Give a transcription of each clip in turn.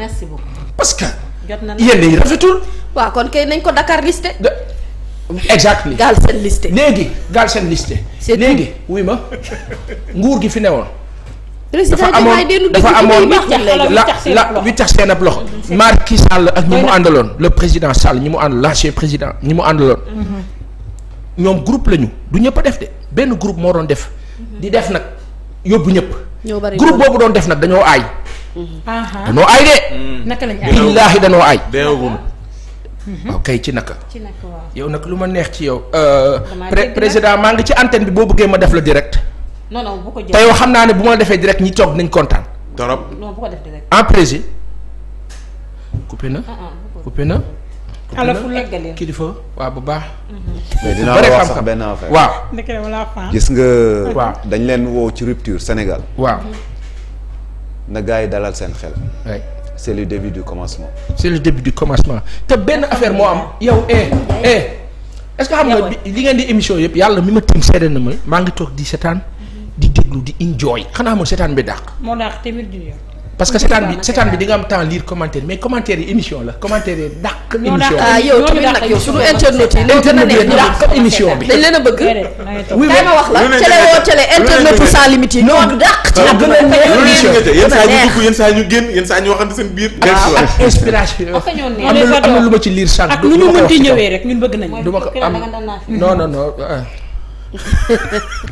merci beaucoup. parce que. jot na yenn yi rafetul. waaw kon kay nañ ko Dakar listé. exactly gaal seen listé. léegi gaal seen listé. léegi wuy ma nguur gi fi ne newoon. dafa amoon dafa amoon la la wi tax seen ab loxo. Mm-hmm. Macky Sall ak ñi mu àndaloon le président Sall ñi mu ànd président ñi mu àndaloon. Mm-hmm. ñoom groupe lañu du ñëpp a def de benn groupe moo doon def. di def nag yóbbu ñëpp. groupe boobu doon def nag dañoo aay. danoo aay de. Hmm. naka lañ aay billaahi danoo aay. Mhm. waaw kay ci naka. ci naka nag lu ma neex ci yow. Euh, président maa ngi ci antenne bi boo bëggee ma def la direct. non non ko te yow xam naa ne bu ma defee direct ñi toog nañ kontaan. trop non bu def direct. en prési. coupé na. Ah, ah, coupé na. alhamdulilah kilifa waaw bu baax. Mhm. mais dinaa wax sax benn affaire. gis nga. waaw dañ leen woo ci rupture Sénégal. waa mhm. na gars yi dalal seen xel. c' est le début du commencement. c' est le début du commencement te benn affaire moo am yow eh eh est ce que xam nga li ngeen di émission yëpp yàlla mi ma tiim seede na ma maa ngi toog di seetaan di déglu di enjoy xanaa ma seetaan bi dàq. moo dàq téeméer junni parce que seetaan bi seetaan bi di am temps lire commentaire mais commentaire yi émission la commentaire yi dàq émission bi dañ leen a bëgg oui mais ma wax la télé woo télé internet sans limite yi ñoo dàq ci gën a neex émission yenn saa ñu dugg ñu ah, ah, am na lu ma ci lire sànq ak mënti ñëwee rek ñun bëgg nañ du ko am non non non ah.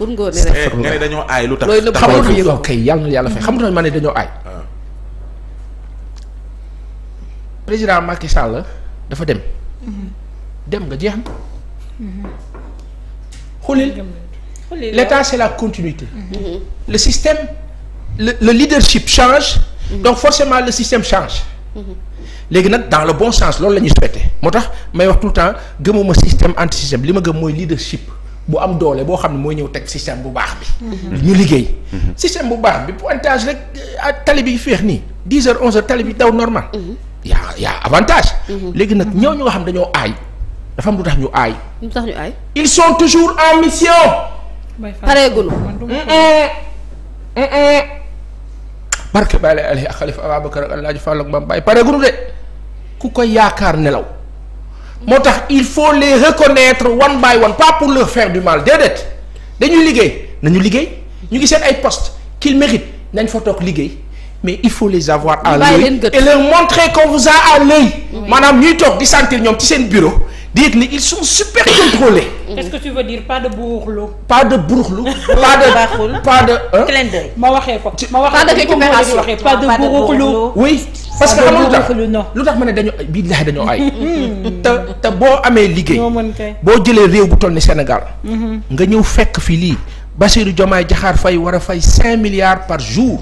pour ngóone rek. nga ne dañoo aay lu tax. looy nëb xamul lu ñu kay yàlla ne dañoo aay. Ah. président Macky Sall dafa dem. Mhm. dem nga jeex na. Mhm. xulil l'état c'est la continuité. Mhm. le système le le leadership change. donc forcément le système change. léegi nag dans le bon sens loolu la ñuy souhaité moo tax may wax tout temps gëmuma système anti système li ma gëm mooy leadership. bu am doole boo xam ne mooy ñëw teg système bu baax bi. Mhm. ñu liggéey. Mhm. système bu baax bi pointage rek euh, tali bi féex nii dix heures onze heures tali bi daw normal. Mhm. yaa yaa avantage. léegi nag ñoo ñoo xam dañoo aay dafa am lu tax ñu aay. lu tax ñu aay. ils sont toujours en mission. pareegul. barke Baale Aliou ak Khalifa Ababacar ak El Hadj Fall ak Mame Baye pareegul de ku koy yaakaar nelaw. moo tax il faut les reconnaître one by one pas pour leur faire du mal déedéet dañuy liggéey nañu liggéey ñu ngi seen ay postes qu'ils méritent nañ fa toog liggéey mais il faut les avoir à l'œil et leur montrer qu'on vous à l'œil maanaam ñuy toog di sentir ñoom ci seen bureau di yëg ni ils sont super contrôlés. pas de buruxlu. pas de buruxlu. pas de baaxul pas de. clin ma waxee ko. ma waxee ko pas de buruxlu oui. parce que lu tax lu tax ma ne dañu bii laxe dañoo ay hmm. te te boo amee liggéey boo jëlee réew bu toll ni senegal hmm. nga ñëw fekk fi lii Bassirou Diomaye Diakhar fay war a fay cinq milliards par jour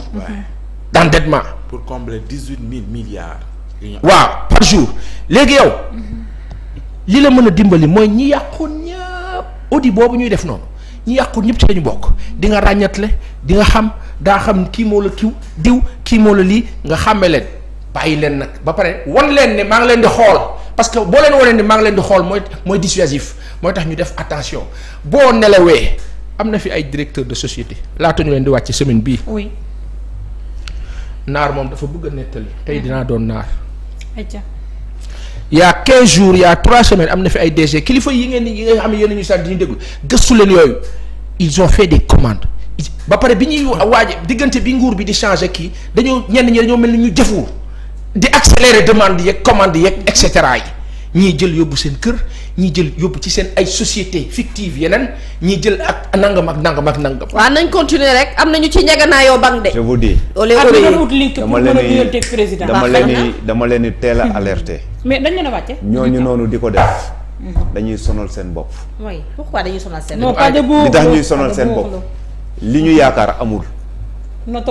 d'endettement pour combler dix-huit mille milliards waaw par jour léegi yow hmm. li la mën a dimbali mooy ñi yàqoon ñëpp audit boobu ñuy def noonu ñi yàqoon ñëpp ci la bokk di nga ràññatle di nga xam daa xam kii moo la kiw diw kii moo la lii nga xàmme leen ay leen nag ba pare wan leen ne maa ngi leen di xool parce que boo leen wanee ne maa ngi leen di xool mooy mooy dissuasif mooy tax ñu def attention boo nelawee am na fi ay directeur de société laata ñu leen di wàcc semaine bii. oui naar moom dafa bëgg a nettali. tey dinaa doon naar. il y a 15 jours il semaines am na fi ay DG kilifa yi ngeen yi nga xam ne yéen ñu sax di ñu déglu gëstu leen yooyu ils ont fait des commandes. ba pare bi ñuy waaje diggante bi nguur bi di changer kii dañoo ñenn ñi dañoo mel ni ñu jëfuur di accélérer demande yeeg commande yeeg et cetera yi ñii jël yóbbu seen kër ñii jël yóbbu ci seen ay société fictive yeneen ñii jël ak nangam ak nangam ak nangam. waaw nañ continuer rek am na ñu ci ñeganaayoo bang de. je vous dis ah, dama leen di dama leen di dama leen teel a hmm. alerter. mais dañ leen a wàcce. ñooñu noonu di ko def. Hmm. dañuy sonal seen bopp. oui pourquoi dañuy sonal seen bopp. li tax ñuy sonal seen bopp. li ñu yaakaar amul.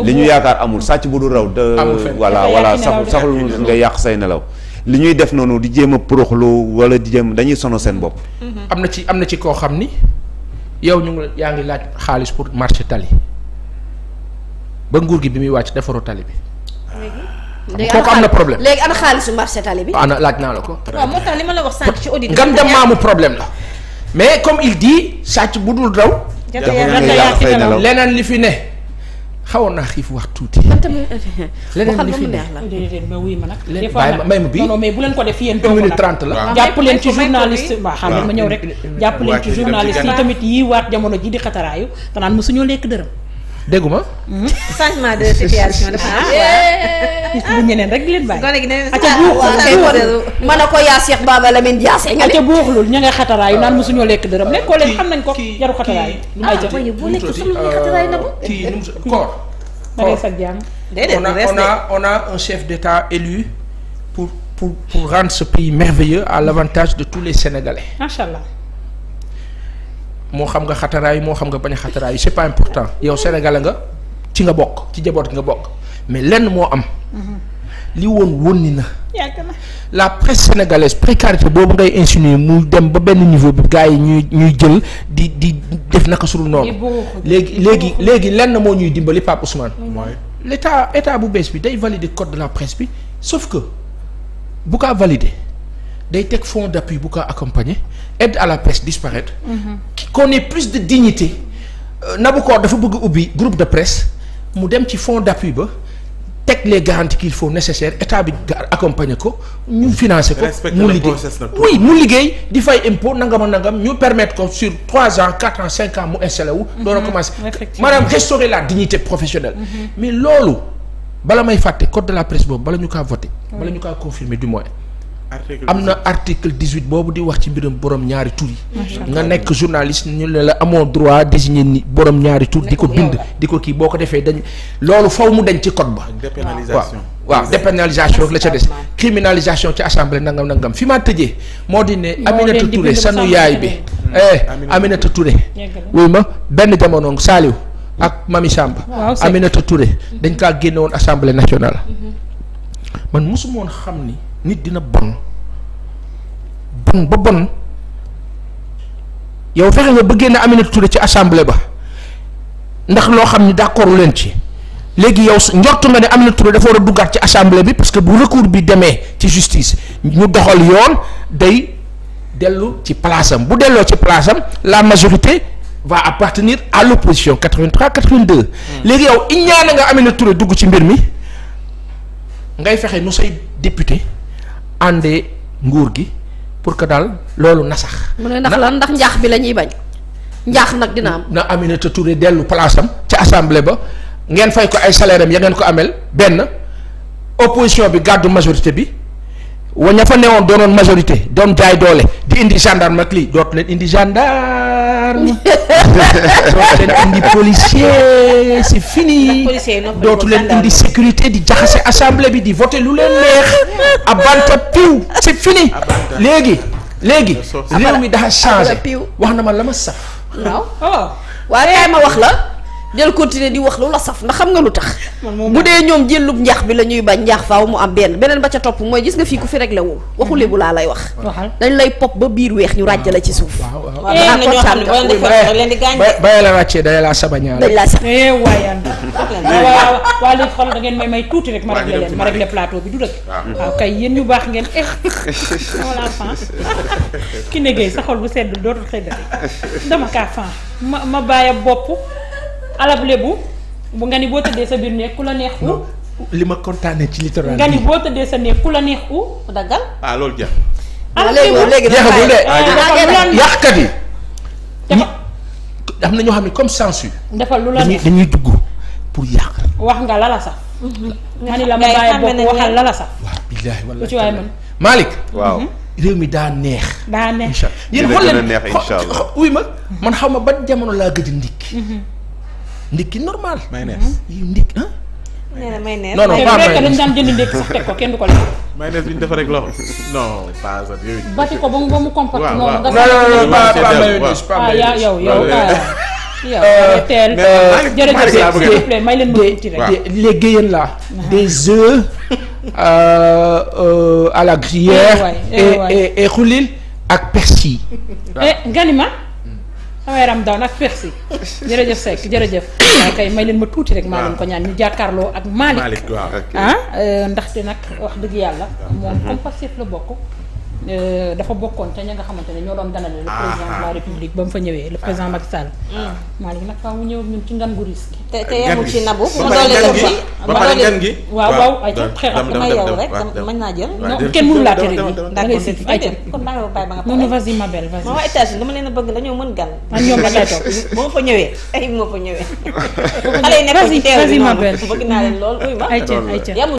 li ñu yaakaar amul sàcc bu du raw de voilà voilà sax saxul nga yàq say nelaw li ñuy def noonu di jéem a poroxlu wala di jéem dañuy sono seen bopp mm-hmm. am na ci am na ci koo xam ni yow ñu ngi yaa ngi laaj xaalis pour marché tali ba nguur gi bi muy wàcc defaru tali bi léegi kooku am na problème léegi ana xaalisu marché tali bi. ana laaj naa la ko. li ma wax sànq ci audit. ngam dem problème la. mais comme il dit sàcc bu dul daw. leneen li fi ne. xawoon naa xiif wax tuuti. man tamit euh, leneen li fi neex la may ma bii non bu leen ko def yéen doomu nag jàpp leen ci journaliste waaw xam ne ma ñëw rek. jàpp leen ci journaliste yi tamit yi waat jamono ji di xataraayu te naan mosuñoo lekk dërëm déggu ma. Mhm. changement de situation dafa am. Ah, waaw ah. ñeneen rek di leen bàyyi. a ah, ko yaa Cheikh Baba Lamine Diassé nga ca buuxlul ña naan mosuñoo lekk dërëm lekkoo leen xam nañ ko yaru xataraayu. lu may jëf boo lekk xam nañ xataraayu na ko. Euh, kii koor. koor déedéet a on chef d'État élu pour pour pour rendre ce pays merveilleux à l'avantage de tous les Sénégalais. macha allah. moo xam nga xataraay moo xam nga bañ a xataraay c'est pas important yow Sénégal nga ci nga bokk ci jaboot nga bokk mais lenn moo am. Mm-hmm. li woon wónni na. la presse sénégalaise précarité boobu ngay insinuer mu dem ba benn niveau bi gars yi ñuy ñuy jël di di def naka sulu noonu. léegi léegi léegi lenn moo ñuy dimbali Pape Ousmane. Mm-hmm. mooy l' état état bu bees bi day valider code de la presse bi sauf que bu kaa day teg fonds d' appui bu kaa accompagner aide à la presse disparaître. Mm-hmm. qu'on ait plus de dignité euh, Nabucor dafa bëgg ubbi groupe de presse mu dem ci fonds d'appui ba teg les garanties qu'il faut nécessaire état bi accompagner ko ñu financer ko mu liggéey oui mu liggéey di fay impôt nangam a nangam ñu permettre ko sur trois ans quatre ans cinq ans mu installé wu mhm, doon a commencé maanaam restaurer la dignité professionnelle mm mais loolu bala may fàtte code de la presse boobu bala ñu kaa voté bala ñu kaa confirmer du moins am na article dix-huit boobu di wax ci mbirum borom ñaari tur yi nga nekk journaliste ñu ne la amoo droit désigner ni borom ñaari tur di ko bind di ko kii boo ko defee dañ loolu foofu mu dañ ci code ba dépénalisation waaw dépénalisation rek la ca des criminalisation ci assemblée nangam nangam fi maa tëjee moo di ne Aminata Touré sanu yaay bi eh Aminata Touré wuy ma benn jamono Saliou mm. ak Mami Samba Aminata Touré dañ kaa génnewoon woon assemblée nationale mm-hmm. man mosuma woon xam ni nit dina bon bon ba bon yow fexe nga bëggee na Aminata Touré ci assemblée ba ndax loo xam ni d'accord leen ci léegi yow njort nga ne Aminata na dafa war a duggaat ci assemblée bi parce que bu recours bi demee ci justice ñu doxal yoon day dellu ci place bu delloo ci place am la majorité va appartenir à l'opposition 83 82. Hmm. léegi yow iñaana nga Aminata Touré dugg ci mbir mi ngay fexe nu say député. àndee nguur gi pour que daal loolu na sax. mu ne ndax lan ndax njaax bi la ñuy bañ. njaax nag dina am. na Aminata Touré dellu place am ca assemblée ba ngeen fay ko ay salaire am ya ngeen ko ameel benn opposition bi gàddu majorité bi wa ña fa newoon doonoon majorité doon jaay doole di indi gendarme ak lii dootu leen indi gendarme. gendarme dootu leen indi policier c'est dootu leen indi sécurité di jaxase assemblée bi di voter lu leen neex abanta piw c'est fini léegi léegi réew mi dafa changé wax na ma la ma saf oh. ma wax la del continuer di wax lu la saf ndax xam nga lu tax mu dee ñoom jëllub njaax bi la ñuy bañ njaax faaw mu am benn beneen ba ca topp mooy gis nga fii ku fi réglé wul waxu mhm. lébu laa lay wax dañ lay pop ba biir weex ñu ràjj la ci suuf bàyyi la wàccee dañ laa sabañaa laa sab waa léegi xool ngeen may may tuuti rek ma réglé leen ma réglé plateau bi du dëkk waaw kay yéen ñu baax ngeen eh voilà fan ki ne sa xol bu sedd dootul xëy dama kaa fan ma ma bàyyi bopp alab lebu bu nga ni boo tëddee sa biir néeg ku la neex u li ma kontaanee ci littoral nga ni boo tëddee sa néeg ku la neex u daggal ah loolu jeex alab lebu léegi jeexagul de yi am na ñoo xam ne comme censure defal lu la neex dañuy pour yàq wax nga lala sax mm-hmm. nga ni la ma bàyyi bopp waxal lala sax waaw billaahi ci waay mën waaw mm-hmm. réew mi daa neex. daa neex incha allah yéen xool leen ma man xaw ma ban jamono laa gëj a ndikki normal. mayonnaise ndikki ah. mayonnaise non non pas mayonnaise dañ daan jënd ndékki sax teg ko kenn du ko lekk. mayonnaise bi ñu def rek loxo non pas ak yooyu. bati ko ba mu ba mu compacte noonu. nga non non pas pas mayonnaise ah, pas mayonnaise yow yow ah. euh, yow teel euh, ah, jërëjëf s'il vous plaît may leen ma tuuti rek. les géyeen là des œufs euh, à la gruyère. Eh eh et et xulil ak persil. eh ganima. sama yaram daw nag merci jërëjëf Seck jërëjëf waaye kay may leen ma tuuti rek maa leen ko ñaan ñu jàkkaarloo ak Malick ah euh, ndaxte nag wax dëgg yàlla moom comme Pastef la bokk Euh, dafa bokkoon te ña nga xamante ne ñoo doon ganale le président de ah. république ba mu fa ñëwee le président Macky Sall mm. Malick nag faaw mu ñëw ñun gu te te yemul ci nabu ma doole la ci ba pare gan gi waaw waaw ay ca très rapide dama yow rek mën naa jël non kenn mënu laa tere nii da ngay si kon bàyyi ba bàyyi ba nga pare non non vas-y ma belle vas ma waa dama leen bëgg dañoo mën gan man ah, ñoom la kay toog moo fa ñëwee ay moo fa ñëwee xale yi nekk ci teew bi naa leen lool uy ma ay ca ay ca